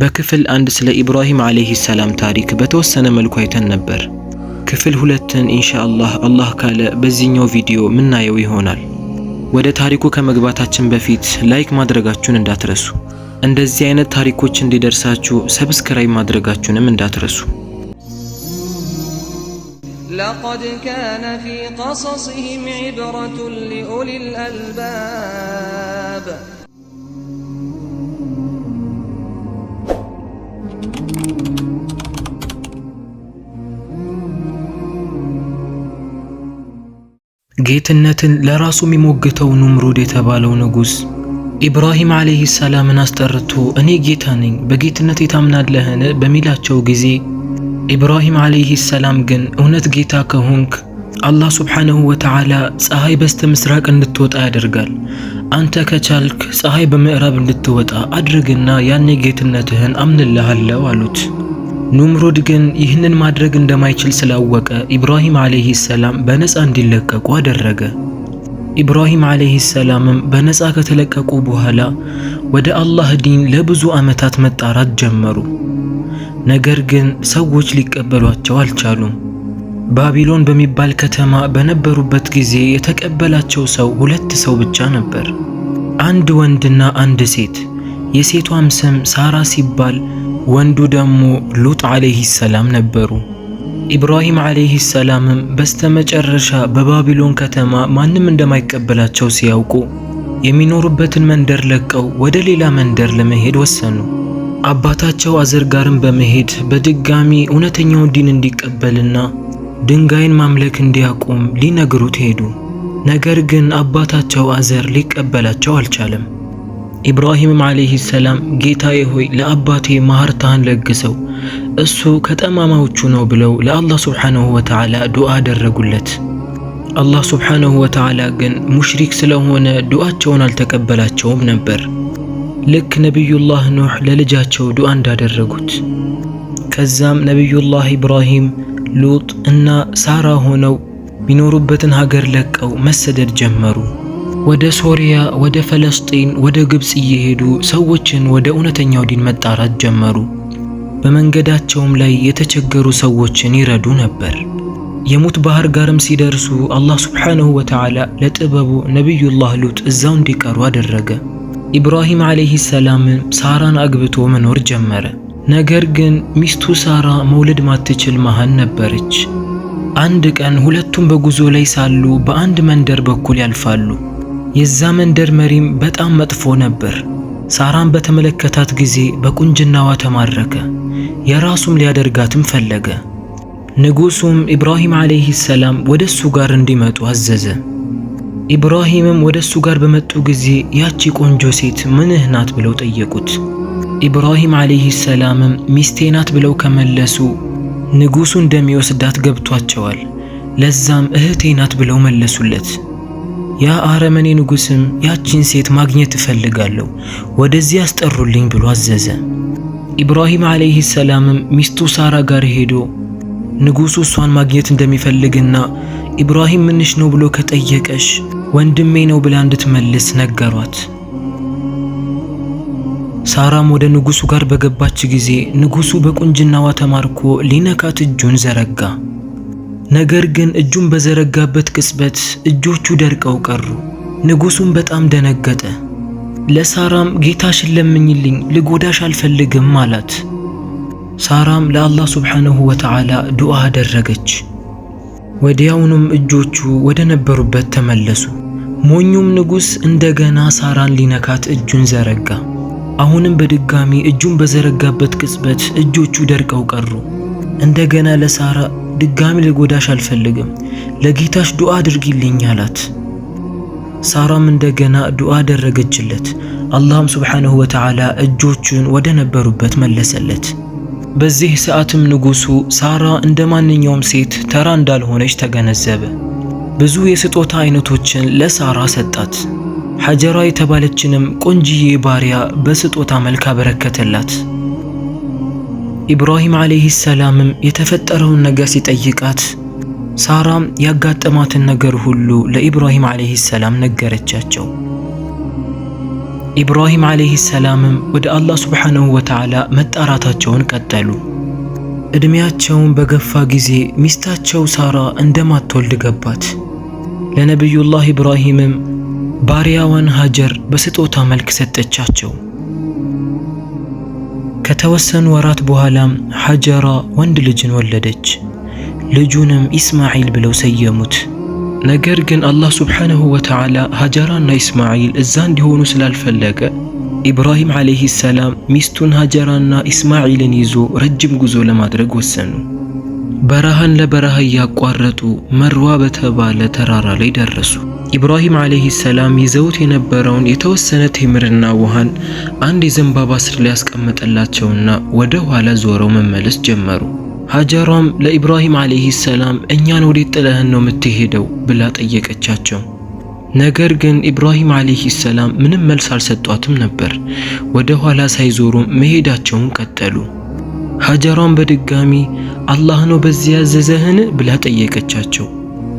በክፍል አንድ ስለ ኢብራሂም ዓለይሂ ሰላም ታሪክ በተወሰነ መልኩ አይተን ነበር። ክፍል ሁለትን ኢንሻአላህ አላህ ካለ በዚህኛው ቪዲዮ ምናየው ይሆናል። ወደ ታሪኩ ከመግባታችን በፊት ላይክ ማድረጋችሁን እንዳትረሱ። እንደዚህ አይነት ታሪኮች እንዲደርሳችሁ ሰብስክራይብ ማድረጋችሁንም እንዳትረሱ። لقد كان في قصصهم عبرة لأولي الألباب ጌትነትን ለራሱ የሚሞግተው ኑምሩድ የተባለው ንጉሥ ኢብራሂም ዓለይሂ ሰላምን አስጠርቶ እኔ ጌታ ነኝ፣ በጌትነት የታምናለህን በሚላቸው ጊዜ ኢብራሂም ዓለይሂ ሰላም ግን እውነት ጌታ ከሆንክ አላህ ሱብሓነሁ ወተዓላ ፀሐይ በስተ ምስራቅ እንድትወጣ ያደርጋል። አንተ ከቻልክ ፀሐይ በምዕራብ እንድትወጣ አድርግና ያኔ ጌትነትህን አምንልሃለሁ አሉት። ኑምሩድ ግን ይህንን ማድረግ እንደማይችል ስላወቀ ኢብራሂም ዓለይሂ ሰላም በነፃ እንዲለቀቁ አደረገ። ኢብራሂም ዓለይሂ ሰላምም በነፃ ከተለቀቁ በኋላ ወደ አላህ ዲን ለብዙ ዓመታት መጣራት ጀመሩ። ነገር ግን ሰዎች ሊቀበሏቸው አልቻሉም። ባቢሎን በሚባል ከተማ በነበሩበት ጊዜ የተቀበላቸው ሰው ሁለት ሰው ብቻ ነበር፣ አንድ ወንድና አንድ ሴት። የሴቷም ስም ሳራ ሲባል ወንዱ ደግሞ ሉጥ ዓለይህ ሰላም ነበሩ። ኢብራሂም ዓለይህ ሰላምም በስተመጨረሻ በባቢሎን ከተማ ማንም እንደማይቀበላቸው ሲያውቁ የሚኖሩበትን መንደር ለቀው ወደ ሌላ መንደር ለመሄድ ወሰኑ። አባታቸው አዘር ጋርም በመሄድ በድጋሚ እውነተኛውን ዲን እንዲቀበልና ድንጋይን ማምለክ እንዲያቆም ሊነግሩት ሄዱ። ነገር ግን አባታቸው አዘር ሊቀበላቸው አልቻለም። ኢብራሂም ዓለይህ ሰላም ጌታዬ ሆይ ለአባቴ ማህርታህን ለግሰው እሱ ከጠማማዎቹ ነው ብለው ለአላህ ስብሓንሁ ወተዓላ ዱዓ አደረጉለት። አላህ ስብሓንሁ ወተዓላ ግን ሙሽሪክ ስለሆነ ዱዓቸውን አልተቀበላቸውም ነበር። ልክ ነቢዩላህ ኑሕ ለልጃቸው ዱዓ እንዳደረጉት። ከዛም ነቢዩላህ ኢብራሂም ሉጥ እና ሳራ ሆነው ሚኖሩበትን ሀገር ለቀው መሰደድ ጀመሩ። ወደ ሶሪያ፣ ወደ ፈለስጢን፣ ወደ ግብፅ እየሄዱ ሰዎችን ወደ እውነተኛው ዲን መጣራት ጀመሩ። በመንገዳቸውም ላይ የተቸገሩ ሰዎችን ይረዱ ነበር። የሙት ባህር ጋርም ሲደርሱ አላህ ሱብሓነሁ ወተዓላ ለጥበቡ ነቢዩላህ ሉጥ እዛው እንዲቀሩ አደረገ። ኢብራሂም ዓለይሂ ሰላምም ሳራን አግብቶ መኖር ጀመረ። ነገር ግን ሚስቱ ሳራ መውለድ ማትችል መሃን ነበረች። አንድ ቀን ሁለቱም በጉዞ ላይ ሳሉ በአንድ መንደር በኩል ያልፋሉ። የዛ መንደር መሪም በጣም መጥፎ ነበር። ሳራን በተመለከታት ጊዜ በቁንጅናዋ ተማረከ። የራሱም ሊያደርጋትም ፈለገ። ንጉሱም ኢብራሂም አለይሂ ሰላም ወደ እሱ ጋር እንዲመጡ አዘዘ። ኢብራሂምም ወደ እሱ ጋር በመጡ ጊዜ ያቺ ቆንጆ ሴት ምንህ ናት ብለው ጠየቁት። ኢብራሂም አለይሂ ሰላምም ሚስቴ ናት ብለው ከመለሱ ንጉሱ እንደሚወስዳት ገብቷቸዋል። ለዛም እህቴ ናት ብለው መለሱለት። ያ አረመኔ ንጉስም ያቺን ሴት ማግኘት እፈልጋለሁ ወደዚህ ያስጠሩልኝ ብሎ አዘዘ። ኢብራሂም አለይሂ ሰላምም ሚስቱ ሳራ ጋር ሄዶ ንጉሱ እሷን ማግኘት እንደሚፈልግና ኢብራሂም ምንሽ ነው ብሎ ከጠየቀሽ ወንድሜ ነው ብላ እንድትመልስ ነገሯት። ሳራም ወደ ንጉሱ ጋር በገባች ጊዜ ንጉሱ በቁንጅናዋ ተማርኮ ሊነካት እጁን ዘረጋ። ነገር ግን እጁን በዘረጋበት ቅጽበት እጆቹ ደርቀው ቀሩ። ንጉሱም በጣም ደነገጠ። ለሳራም ጌታሽን ለምኝልኝ፣ ልጎዳሽ አልፈልግም አላት። ሳራም ለአላህ ሱብሓነሁ ወተዓላ ዱዓ አደረገች። ወዲያውኑም እጆቹ ወደ ነበሩበት ተመለሱ። ሞኙም ንጉስ እንደገና ሳራን ሊነካት እጁን ዘረጋ። አሁንም በድጋሚ እጁን በዘረጋበት ቅጽበት እጆቹ ደርቀው ቀሩ። እንደገና ለሳራ ድጋሚ ልጎዳሽ አልፈልግም፣ ለጌታሽ ዱዓ አድርጊልኝ አላት። ሳራም እንደገና ዱዓ አደረገችለት። አላህም ሱብሓነሁ ወተዓላ እጆቹን ወደ ነበሩበት መለሰለት። በዚህ ሰዓትም ንጉሱ ሳራ እንደ ማንኛውም ሴት ተራ እንዳልሆነች ተገነዘበ። ብዙ የስጦታ አይነቶችን ለሳራ ሰጣት። ሐጀራ የተባለችንም ቆንጅዬ ባሪያ በስጦታ መልክ አበረከተላት። ኢብራሂም ዓለይህ ሰላምም የተፈጠረውን ነገር ሲጠይቃት ሳራም ያጋጠማትን ነገር ሁሉ ለኢብራሂም ዓለይህ ሰላም ነገረቻቸው። ኢብራሂም ዓለይህ ሰላምም ወደ አላህ ሱብሓነሁ ወተዓላ መጣራታቸውን ቀጠሉ። ዕድሜያቸውን በገፋ ጊዜ ሚስታቸው ሳራ እንደማትወልድ ገባት። ለነቢዩላህ ኢብራሂምም ባሪያዋን ሀጀር በስጦታ መልክ ሰጠቻቸው። ከተወሰኑ ወራት በኋላም ሐጀራ ወንድ ልጅን ወለደች። ልጁንም ኢስማዒል ብለው ሰየሙት። ነገር ግን አላህ ሱብሓነሁ ወተዓላ ሀጀራና ኢስማዒል እዛ እንዲሆኑ ስላልፈለገ ኢብራሂም ዓለይህ ሰላም ሚስቱን ሀጀራና ኢስማዒልን ይዞ ረጅም ጉዞ ለማድረግ ወሰኑ። በረሃን ለበረሃ እያቋረጡ መርዋ በተባለ ተራራ ላይ ደረሱ። ኢብራሂም አለይሂ ሰላም ይዘውት የነበረውን የተወሰነ ቴምርና ውሃን አንድ የዘንባባ ስር ላይ ያስቀመጠላቸውና ወደ ኋላ ዞረው መመለስ ጀመሩ። ሀጃሯም ለኢብራሂም አለይሂ ሰላም እኛን ወዴት ጥለህን ነው የምትሄደው ብላ ጠየቀቻቸው። ነገር ግን ኢብራሂም አለይሂ ሰላም ምንም መልስ አልሰጧትም ነበር። ወደ ኋላ ሳይዞሩ መሄዳቸውን ቀጠሉ። ሀጀሯም በድጋሚ አላህ ነው በዚያ ያዘዘህን ብላ ጠየቀቻቸው።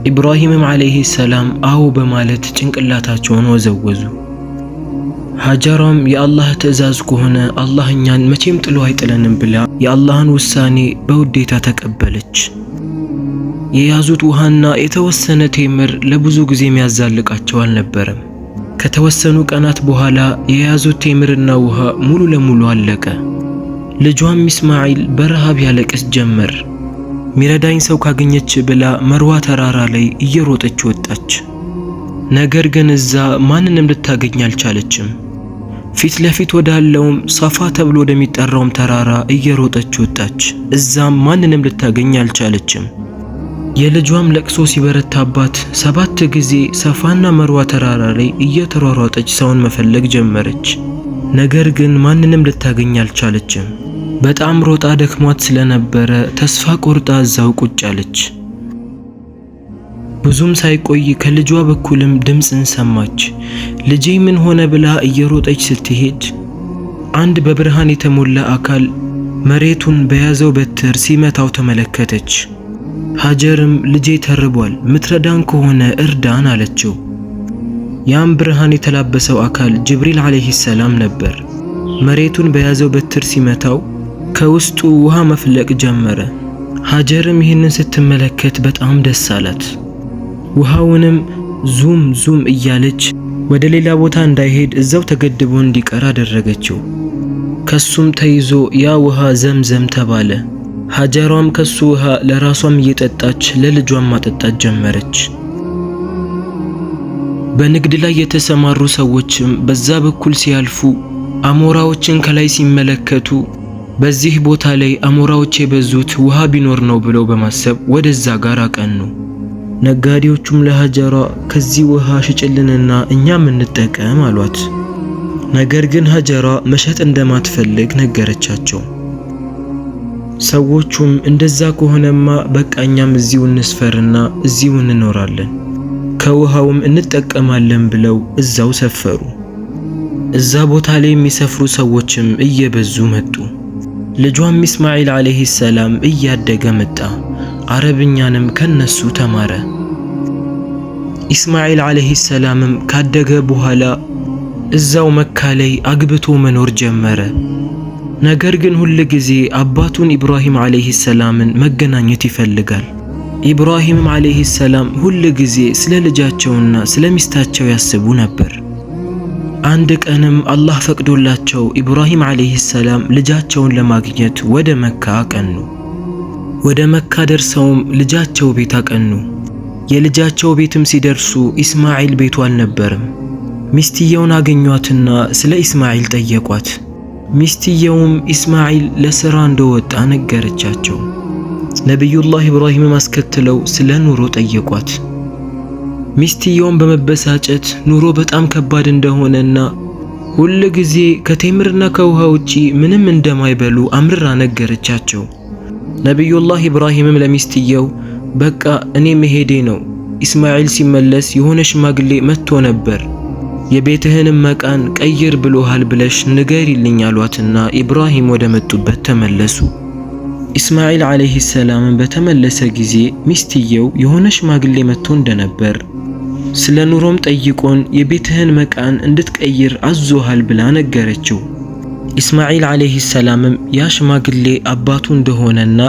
ኢብራሂምም ዓለይህ ሰላም አዎ በማለት ጭንቅላታቸውን ወዘወዙ። ሀጀራም የአላህ ትዕዛዝ ከሆነ አላህ እኛን መቼም ጥሎ አይጥለንም ብላ የአላህን ውሳኔ በውዴታ ተቀበለች። የያዙት ውሃና የተወሰነ ቴምር ለብዙ ጊዜ የሚያዛልቃቸው አልነበረም። ከተወሰኑ ቀናት በኋላ የያዙት ቴምርና ውሃ ሙሉ ለሙሉ አለቀ። ልጇም ኢስማዒል በረሃብ ያለቅስ ጀመር። ሚረዳኝ ሰው ካገኘች ብላ መርዋ ተራራ ላይ እየሮጠች ወጣች። ነገር ግን እዛ ማንንም ልታገኝ አልቻለችም። ፊት ለፊት ወዳለውም ሳፋ ተብሎ ወደሚጠራውም ተራራ እየሮጠች ወጣች። እዛም ማንንም ልታገኝ አልቻለችም። የልጇም ለቅሶ ሲበረታባት ሰባት ጊዜ ሳፋና መርዋ ተራራ ላይ እየተሯሯጠች ሰውን መፈለግ ጀመረች። ነገር ግን ማንንም ልታገኝ አልቻለችም። በጣም ሮጣ ደክሟት ስለነበረ ተስፋ ቆርጣ እዛው ቁጭ አለች። ብዙም ሳይቆይ ከልጇ በኩልም ድምፅን ሰማች። ልጄ ምን ሆነ ብላ እየሮጠች ስትሄድ አንድ በብርሃን የተሞላ አካል መሬቱን በያዘው በትር ሲመታው ተመለከተች። ሀጀርም ልጄ ተርቧል፣ ምትረዳን ከሆነ እርዳን አለችው። ያም ብርሃን የተላበሰው አካል ጅብሪል ዓለይሂ ሰላም ነበር። መሬቱን በያዘው በትር ሲመታው ከውስጡ ውሃ መፍለቅ ጀመረ። ሀጀርም ይህንን ስትመለከት በጣም ደስ አላት። ውሃውንም ዙም ዙም እያለች ወደ ሌላ ቦታ እንዳይሄድ እዛው ተገድቦ እንዲቀር አደረገችው። ከሱም ተይዞ ያ ውሃ ዘምዘም ተባለ። ሀጀሯም ከሱ ውሃ ለራሷም እየጠጣች ለልጇም ማጠጣት ጀመረች። በንግድ ላይ የተሰማሩ ሰዎችም በዛ በኩል ሲያልፉ አሞራዎችን ከላይ ሲመለከቱ በዚህ ቦታ ላይ አሞራዎች የበዙት ውሃ ቢኖር ነው ብለው በማሰብ ወደዛ ጋር አቀኑ። ነጋዴዎቹም ለሀጀሯ ከዚህ ውሃ ሽጭልንና እኛም እንጠቀም አሏት። ነገር ግን ሀጀሯ መሸጥ እንደማትፈልግ ነገረቻቸው። ሰዎቹም እንደዛ ከሆነማ በቃ እኛም እዚሁ እንስፈርና እዚሁ እንኖራለን ከውሃውም እንጠቀማለን ብለው እዛው ሰፈሩ። እዛ ቦታ ላይ የሚሰፍሩ ሰዎችም እየበዙ መጡ። ልጇም ኢስማኤል ዓለይሂ ሰላም እያደገ መጣ። አረብኛንም ከነሱ ተማረ። ኢስማኤል ዓለይሂ ሰላምም ካደገ በኋላ እዛው መካ ላይ አግብቶ መኖር ጀመረ። ነገር ግን ሁል ጊዜ አባቱን ኢብራሂም ዓለይሂ ሰላምን መገናኘት ይፈልጋል። ኢብራሂምም ዓለይሂ ሰላም ሁል ጊዜ ስለ ልጃቸውና ስለ ሚስታቸው ያስቡ ነበር። አንድ ቀንም አላህ ፈቅዶላቸው ኢብራሂም ዓለይህ ሰላም ልጃቸውን ለማግኘት ወደ መካ አቀኑ። ወደ መካ ደርሰውም ልጃቸው ቤት አቀኑ። የልጃቸው ቤትም ሲደርሱ ኢስማዒል ቤቱ አልነበርም። ሚስትየውን አገኟትና ስለ ኢስማዒል ጠየቋት። ሚስትየውም ኢስማዒል ለሥራ እንደወጣ ነገረቻቸው። ነቢዩላህ ኢብራሂምም አስከትለው ስለ ኑሮ ጠየቋት። ሚስትየውን በመበሳጨት ኑሮ በጣም ከባድ እንደሆነና ሁል ጊዜ ከቴምርና ከውሃ ውጪ ምንም እንደማይበሉ አምርራ ነገረቻቸው። ነቢዩላህ ኢብራሂምም ለሚስትየው በቃ እኔ መሄዴ ነው፣ ኢስማኤል ሲመለስ የሆነ ሽማግሌ መጥቶ ነበር፣ የቤትህንም መቃን ቀይር ብሎሃል ብለሽ ንገሪልኝ አሏትና ኢብራሂም ወደ መጡበት ተመለሱ። ኢስማኤል ዓለይሂ ሰላምን በተመለሰ ጊዜ ሚስትየው የሆነ ሽማግሌ መጥቶ እንደነበር ስለ ኑሮም ጠይቆን የቤትህን መቃን እንድትቀይር አዞሃል ብላ ነገረችው። ኢስማኤል ዓለይሂ ሰላምም ያ ሽማግሌ አባቱ እንደሆነና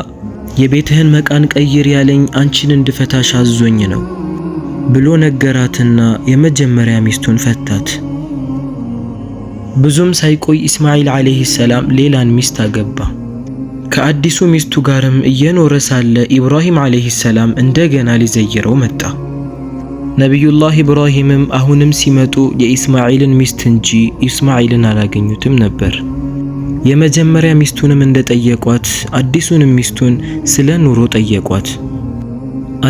የቤትህን መቃን ቀይር ያለኝ አንቺን እንድፈታሽ አዞኝ ነው ብሎ ነገራትና የመጀመሪያ ሚስቱን ፈታት። ብዙም ሳይቆይ ኢስማኤል ዓለይሂ ሰላም ሌላን ሚስት አገባ። ከአዲሱ ሚስቱ ጋርም እየኖረ ሳለ ኢብራሂም ዓለይሂ ሰላም እንደገና ሊዘይረው መጣ። ነቢዩላህ ኢብራሂምም አሁንም ሲመጡ የኢስማኤልን ሚስት እንጂ ኢስማኤልን አላገኙትም ነበር። የመጀመሪያ ሚስቱንም እንደጠየቋት አዲሱንም ሚስቱን ስለ ኑሮ ጠየቋት።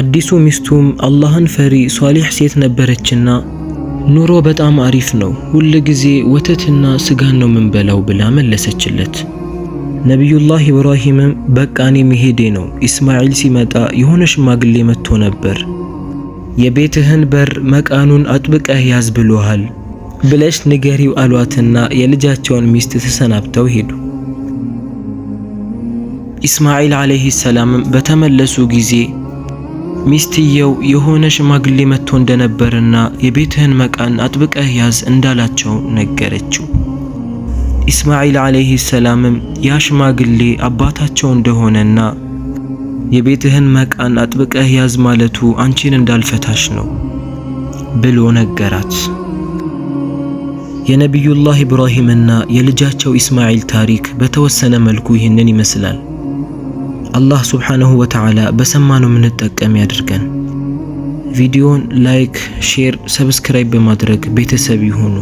አዲሱ ሚስቱም አላህን ፈሪ ሷሊሕ ሴት ነበረችና ኑሮ በጣም አሪፍ ነው፣ ሁል ጊዜ ወተትና ስጋን ነው ምንበላው ብላ መለሰችለት። ነቢዩላህ ኢብራሂምም በቃኔ መሄዴ ነው፣ ኢስማኤል ሲመጣ የሆነ ሽማግሌ መጥቶ ነበር የቤትህን በር መቃኑን አጥብቀህ ያዝ ብሎሃል ብለሽ ንገሪው አሏትና የልጃቸውን ሚስት ተሰናብተው ሄዱ። ኢስማኤል ዓለይሂ ሰላምም በተመለሱ ጊዜ ሚስትየው የሆነ ሽማግሌ መጥቶ እንደነበርና የቤትህን መቃን አጥብቀህ ያዝ እንዳላቸው ነገረችው። ኢስማኤል ዓለይሂ ሰላምም ያ ሽማግሌ አባታቸው እንደሆነና የቤትህን መቃን አጥብቀህ ያዝ ማለቱ አንቺን እንዳልፈታሽ ነው ብሎ ነገራት። የነቢዩላህ ኢብራሂምና የልጃቸው ኢስማኤል ታሪክ በተወሰነ መልኩ ይህንን ይመስላል። አላህ ሱብሓነሁ ወተዓላ በሰማነው የምንጠቀም ያድርገን። ቪዲዮን ላይክ፣ ሼር፣ ሰብስክራይብ በማድረግ ቤተሰብ ይሁኑ።